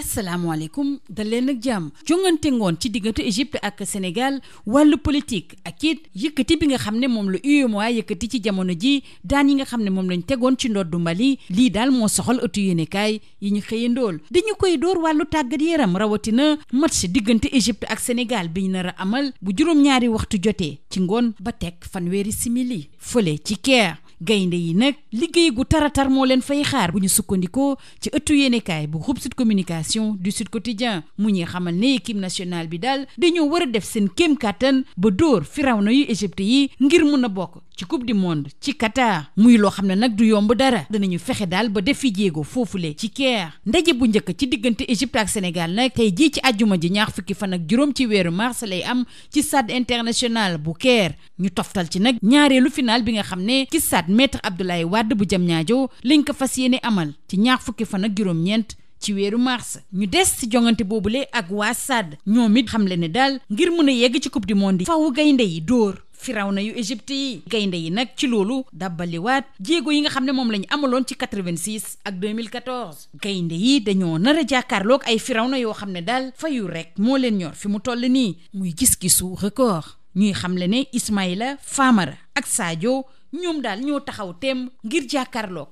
asalaamaaleykum dal leen ak jàmm jongante ngoon ci diggante Égypte ak Sénégal wàllu politique ak it yëkkati bi nga xam ne moom la UEMOA yëkkati ci jamono ji daan yi nga xam ne moom lañu tegoon ci ndoddu Mali lii daal moo soxal ëttu yéenekaay yi ñu xëyee ndool dañu koy door wàllu tàggat yaram rawatina match diggante Égypte ak Sénégal bi ñu nar a amal bu juróom-ñaari waxtu jotee ci ngoon ba teg fan fanweeri simili fële ci Caire gaynde yi nag liggéey gu tar moo leen fay xaar bu ñu sukkandikoo ci ëttu yéenekaay bu groupe Sud Communication du Sud Quotidien mu ñuy xamal ne équipe nationale bi daal dañoo war a def seen kem kàttan ba dóor firawna yu Égypte yi ngir mun a bokk ci coupe du monde ci Qatar muy loo xam ne nag du yomb dara danañu fexe daal ba def fi jéego lee ci Caire ndaje bu njëkk ci diggante Égypte ak Sénégal nag tey jii ci àjjuma ji ñaar fukki fan ak juróom ci weeru mars lay am ci stade international bu Caire ñu toftal ci nag ñaareelu final bi nga xam ne ci stade maître Abdoulaye Wade bu Diamniadio liñ ko fas yéene amal ci ñaax fukki fan ak juróom-ñeent ci weeru mars ñu des ci jongante boobule ak waa SAD ñoom it xamle ne daal ngir mun a yegg ci coupe du monde yi faaw gaynde yi dóor firawna yu Égypte yi gaynde yi nag ci loolu dabbaliwaat jéego yi nga xam ne moom la ñu amaloon ci 86 ak 2014 gaynde yi dañoo nar a jàkkaarloog ay firawna yoo xam ne daal fayu rek moo leen ñor fi mu toll nii muy gis-gisu record ñuy xam le ne Ismaïla Famara ak Sadio ñoom daal ñoo taxaw temm ngir jàkkaarloog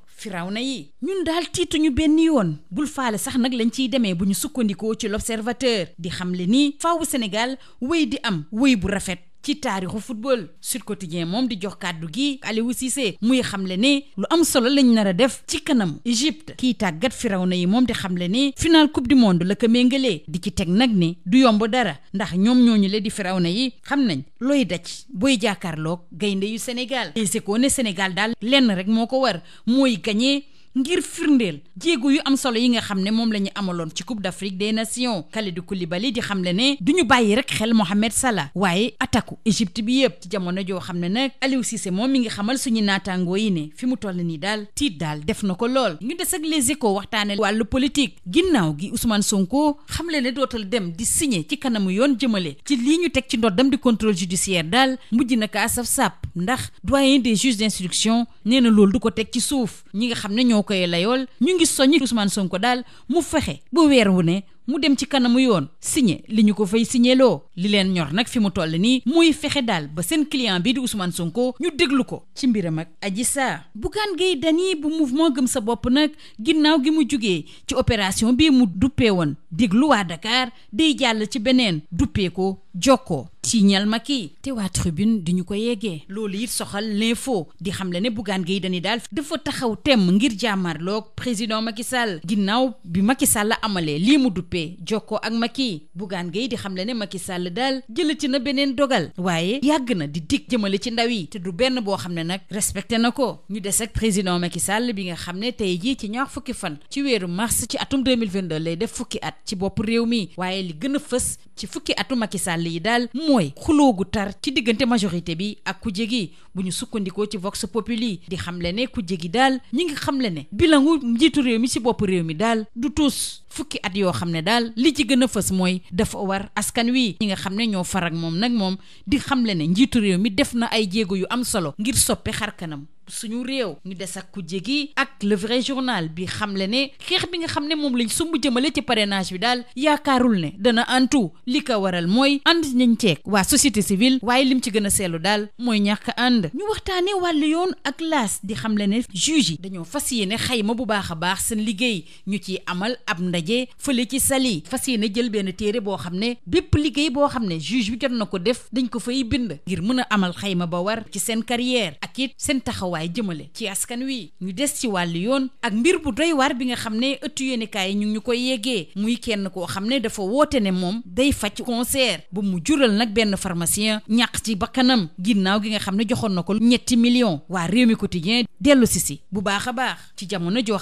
na yi ñun daal tiituñu benn yoon bul faale sax nag lañ ciy demee bu ñu sukkandikoo ci l'observateur di xam xamle ni faawu Sénégal wéy di am wéy bu rafet ci taarixu football Sud Quotidien moom di jox kàddu gi Aliou Cissé muy xamle ne lu am solo lañ nar a def ci kanam Égypte kiy tàggat firawna yi moom di xamle ne final coupe du monde la ko méngalee di ci teg nag ni du yomb dara ndax ñoom ñooñu le di firawna yi xam nañ looy daj booy jàkkaarloog gaynde yu Sénégal. Les Échos ne Sénégal daal lenn rek moo ko war mooy gagné. ngir firndeel jéego yu am solo yi nga xam ne moom la ñu amaloon ci Coupe d'Afrique des Nations Kalidou Koulibaly di xam le ne du ñu bàyyi rek xel Mohamed Salah waaye attaku Égypte bi yëpp ci jamono joo xam ne nag Aliou Cissé moom mi ngi xamal suñu naataangoo yi ne fi mu toll nii daal tiit daal def na ko lool ñu des ak les échos waxtaane wàllu politique ginnaaw gi Ousmane Sonko xam le ne dootal dem di signé ci kanamu yoon jëmale ci lii ñu teg ci ndoddam di contrôle judiciaire daal mujj na ko asaf sàpp ndax doyen des juges d'instruction nee na loolu du ko teg ci suuf ñi nga xam ne ñoo koy layool ñu ngi soññi Ousmane Sonko daal mu fexe ba weer wu ne mu dem ci kanamu yoon signé li ñu ko fay signé loo li leen ñor nag fi mu toll nii muy fexe daal ba seen client bi di Ousmane sonkoo ñu déglu ko ci mbiram ak Adji Sarr Bougane Gueye Dany bu mouvement gëm sa bopp nag ginnaaw gi mu jugee ci opération bii mu duppee woon déglu waa Dakar day jàll ci beneen duppeeko jokkoo tiiñal ma kii te waa tribune di ñu ko yeggee loolu it soxal l'info di xam le ne Bougane Gueye Dany daal dafa taxaw temm ngir jàmmarloog président Macky Sall ginnaaw bi Macky sàll amalee lii mu duppee jokkoo ak Macky Bougane Gueye di xam le ne Macky Sall daal jëlati na beneen dogal waaye yàgg na di dig jëmale ci ndaw yi te du benn boo xam ne nag respecté na ko ñu des ak président Macky sàll bi nga xam ne tey jii ci ñoo fukki fan ci weeru mars ci atum 2022 lay def fukki at ci boppu réew mi waaye li gën a fës ci fukki atu Macky Sall yi daal mooy kuloo gu tar ci diggante majorité bi ak kuje gi bu ñu sukkandikoo ci vox lii di xamle ne kuje gi daal ñi ngi xamle ne bilangu njiitu réew mi ci boppu réew mi daal du tuus fukki at yoo xam ne daal li ci gën a fës mooy dafa war askan wi ñi nga xam ne ñoo far ak moom nag moom di xam xamle ne njiitu réew mi def na ay jéego yu am solo ngir soppi xar kanam suñu réew ñu des ak ku jégi ak le vrai journal bi le ne xeex bi nga xam ne moom lañ sumb jëmale ci parenage bi daal yaakaarul ne dana antu li ko waral mooy ànd nañ ceeg waa société civile waaye lim ci gën a seetlu daal mooy ñàkk ànd ñu waxtaanee wàllu yoon ak laas di xamle ne juge yi dañoo fas yéene xayma bu baax a baax seen liggéey ñu ciy amal ab dajee fële ci sali fas jël benn téere boo xam ne bépp liggéey boo xam ne juge bi jot na ko def dañ ko fay bind ngir mën a amal xayma ba war ci seen carrière ak it seen taxawaay jëmale ci askan wi ñu des ci wàll yoon ak mbir bu doy war bi nga xam ne ëttu yéenekaay yi ñu ñu koy yeggee muy kenn koo xam ne dafa woote ne moom day faj cancer ba mu jural nag benn pharmacien ñàq ci bakkanam ginnaaw gi nga xam ne joxoon na ko ñetti million waa réew mi quotidien si bu baax a baax ci jamono joo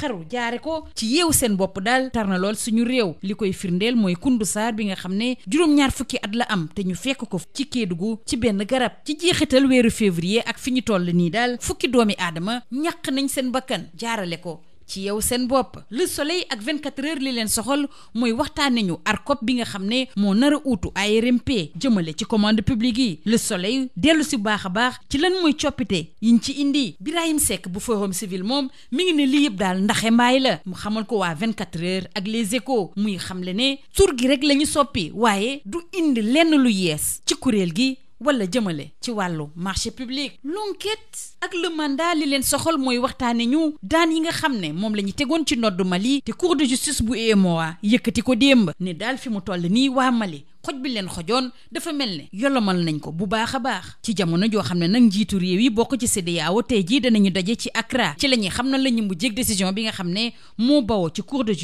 xaru jaare ko ci yeewu seen bopp daal tar na lool suñu réew li koy firndeel mooy kundu saar bi nga xam ne juróom-ñaar fukki at la am te ñu fekk ko ci Kédougou ci benn garab ci jeexital weeru février ak fi ñu toll nii daal fukki doomi aadama ñaq nañ seen bakkan jaarale ko ci yow seen bopp le soleil ak vingt 24 heures li leen soxal mooy waxtaane ñu ARCOP bi nga xam ne moo nar a ay ARMP jëmale ci commande publique yi le soleil dellu si baax a baax ci lan mooy coppite yiñ ci indi Birahim Seck bu forum civil moom mi ngi ne lii yëpp daal ndaxe mbaay la mu xamal ko waa vingt 24 heures ak les échos muy xamle ne tur gi rek la ñu soppi waaye du indi lenn lu yees ci kuréel gi wala jëmale ci wàllu marché public l'enquête ak le mandat li leen soxal mooy waxtaane ñu daan yi nga xam ne moom la ñu tegoon ci noddu Mali te cour de justice bu UEMOA yëkkati ko démb ne daal fi mu toll nii waa Mali xoj bi leen xojoon dafa mel ne yolomal nañ ko bu baax a baax ci jamono joo xam ne nag njiitu réew yi boo ko ci CEDEAO tey jii danañu daje ci Accra ci la ñuy xam na la ñu mu jég décision bi nga xam ne moo bawoo ci cour de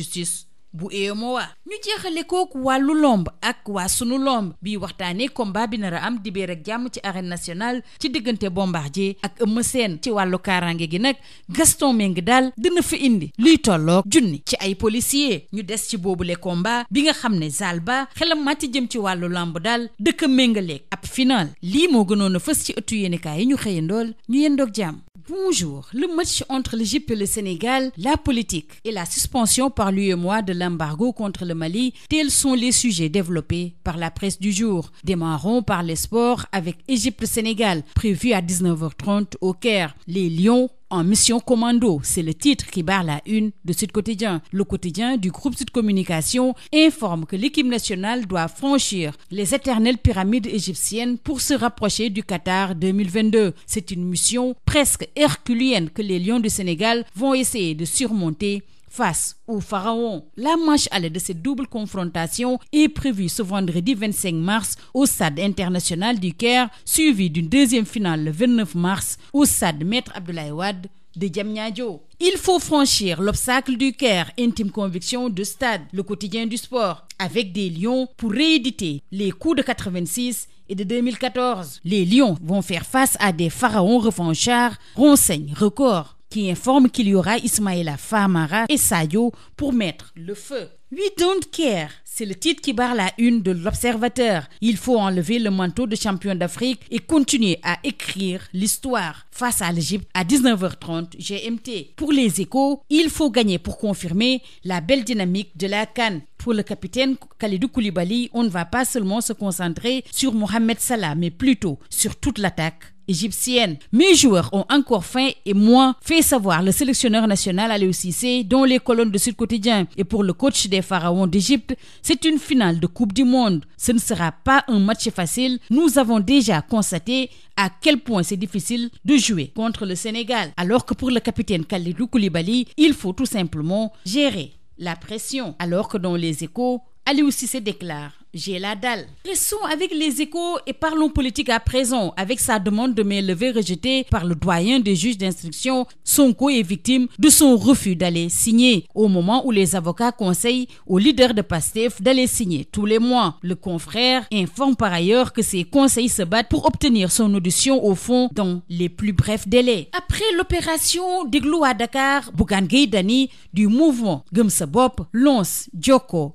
bu EMOA ñu jeexale kooku wàllu lomb ak waa sunu lomb bii waxtaanee combat bi nar a am dibéer ak jàmm ci arène national ci diggante Bombardier ak Eumeu Sène ci wàllu kaaraange gi nag Gaston Meng daal dina fi indi luy tolloog junni ci ay policier ñu des ci boobule combat bi nga xam ne Zalba xelam màtti jëm ci wàllu lomb daal dëkk méngaleeg ab final lii moo gënoon a fës ci ëttu yéenekaay yi ñu xëyandool ñu yendoog jàmm Bonjour. Le match entre l'Égypte et le Sénégal, la politique et la suspension par l'UEMOA de l'embargo contre le Mali, tels sont les sujets développés par la presse du jour. Démarrons par les sports avec Égypte-Sénégal, prévu à 19 h au Caire. Les Lions en mission commando. C'est le titre qui barre la une de Sud Quotidien. Le quotidien du groupe Sud Communication informe que l'équipe nationale doit franchir les éternelles pyramides égyptiennes pour se rapprocher du Qatar 2022. C'est une mission presque herculienne que les Lions du Sénégal vont essayer de surmonter face au pharaon. La manche allée de cette double confrontation est prévue ce vendredi 25 mars au stade international du Caire, suivie d'une deuxième finale le 29 mars au stade Maître Abdoulaye Wade de Diamniadio. Il faut franchir l'obstacle du Caire, intime conviction de Stade, le quotidien du sport, avec des lions pour rééditer les coups de 86 et de 2014. Les lions vont faire face à des pharaons revanchards, renseigne record. qui informe qu'il y aura Ismaïla Famara et Sayo pour mettre le feu. We don't care. C'est le titre qui barre la une de l'Observateur. Il faut enlever le manteau de champion d'Afrique et continuer à écrire l'histoire face à l'Égypte à 19h30 GMT. Pour les échos, il faut gagner pour confirmer la belle dynamique de la Cannes. Pour le capitaine Khalidou Koulibaly, on ne va pas seulement se concentrer sur Mohamed Salah, mais plutôt sur toute l'attaque égyptienne. Mes joueurs ont encore faim et moins fait savoir le sélectionneur national Aliou Cissé dans les colonnes de Sud Quotidien. Et pour le coach des Pharaons d'Égypte, c'est une finale de Coupe du Monde. Ce ne sera pas un match facile. Nous avons déjà constaté à quel point c'est difficile de jouer contre le Sénégal. Alors que pour le capitaine Khalidou Koulibaly, il faut tout simplement gérer la pression. Alors que dans les échos, Aliou Cissé déclare j'ai la dalle. Restons avec les échos et parlons politique à présent. Avec sa demande de mainlevée rejetée par le doyen des juges d'instruction, Sonko est victime de son refus d'aller signer au moment où les avocats conseillent aux leaders de PASTEF d'aller signer tous les mois. Le confrère informe par ailleurs que ses conseils se battent pour obtenir son audition au fond dans les plus brefs délais. Après l'opération d'Igloo à Dakar, Bougane Gueye Sa Bopp lance Joko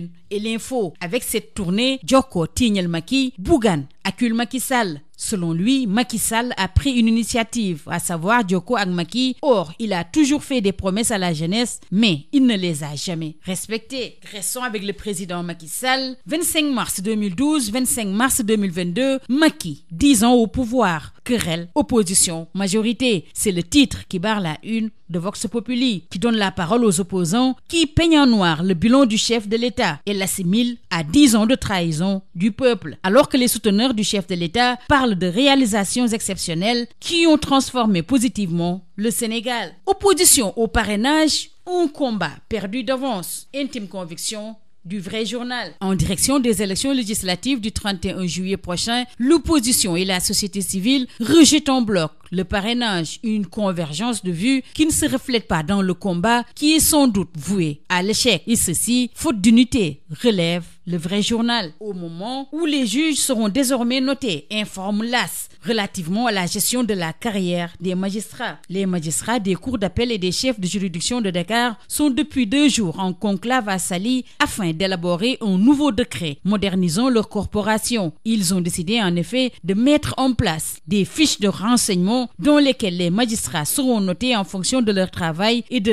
Tribune et l'Info. Avec cette tournée, Joko Tignel Maki, Bougan accule Macky Sall. Selon lui, Macky Sall a pris une initiative, à savoir Djoko ak Macky. Or, il a toujours fait des promesses à la jeunesse, mais il ne les a jamais respectées. Restons avec le président Macky Sall. 25 mars 2012, 25 mars 2022, Macky, 10 ans au pouvoir. querelle opposition majorité c'est le titre qui barre la une de Vox Populi qui donne la parole aux opposants qui peignent en noir le bilan du chef de l'État et l'assimile à dix ans de trahison du peuple alors que les souteneurs du chef de l'État parlent de réalisations exceptionnelles qui ont transformé positivement le Sénégal opposition au parrainage un combat perdu d'avance intime conviction du vrai journal. En direction des élections législatives du 31 juillet prochain, l'opposition et la société civile rejettent en bloc le parrainage, une convergence de vues qui ne se reflète pas dans le combat qui est sans doute voué à l'échec. Et ceci, faute d'unité, relève le vrai journal, au moment où les juges seront désormais notés, informe l'AS relativement à la gestion de la carrière des magistrats. Les magistrats des cours d'appel et des chefs de juridiction de Dakar sont depuis deux jours en conclave à Saly afin d'élaborer un nouveau décret modernisant leur corporation. Ils ont décidé en effet de mettre en place des fiches de renseignement dans lesquelles les magistrats seront notés en fonction de leur tr et de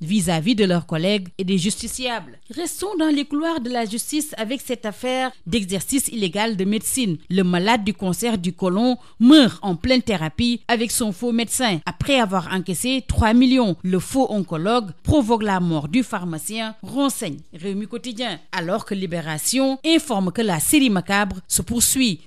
vis-à-vis de leurs collègues et des justiciables. Restons dans les couloirs de la justice avec cette affaire d'exercice illégal de médecine. Le malade du cancer du côlon meurt en pleine thérapie avec son faux médecin après avoir encaissé 3 millions. Le faux oncologue provoque la mort du pharmacien, renseigne Rewmi Quotidien. Alors que Libération informe que la série macabre se poursuit.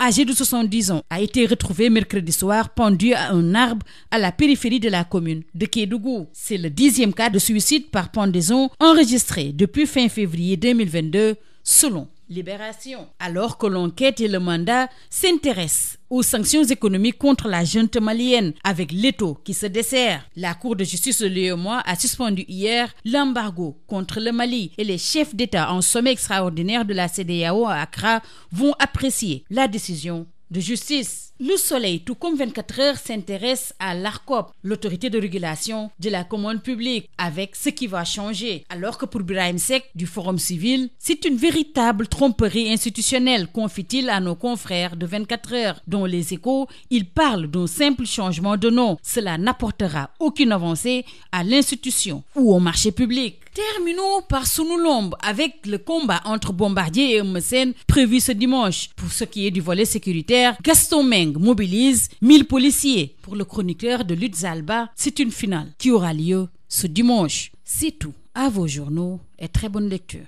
âgé de 70 ans, a été retrouvé mercredi soir pendu à un arbre à la périphérie de la commune de Kédougou. C'est le dixième cas de suicide par pendaison enregistré depuis fin février 2022, selon Libération. Alors que l'enquête et le mandat s'intéressent aux sanctions économiques contre la junte malienne avec l'étau qui se dessert. La Cour de justice de l'UEMOA a suspendu hier l'embargo contre le Mali et les chefs d'État en sommet extraordinaire de la CEDEAO à Accra vont apprécier la décision de justice. Le Soleil, tout comme 24 heures, s'intéresse à l'ARCOP, l'autorité de régulation de la commande publique, avec ce qui va changer. Alors que pour Birahim Seck du Forum civil, c'est une véritable tromperie institutionnelle, confie-t-il à nos confrères de 24 heures, dont les échos, il parle d'un simple changement de nom. Cela n'apportera aucune avancée à l'institution ou au marché public. Terminons par Sunulombe avec le combat entre Bombardier et Eumeu Sène prévu ce dimanche. Pour ce qui est du volet sécuritaire, Gaston Meng mobilise policiers. Pour le chroniqueur de Lutte Zalba, c'est une finale qui aura lieu ce dimanche. C'est tout. À vos journaux et très bonne lecture.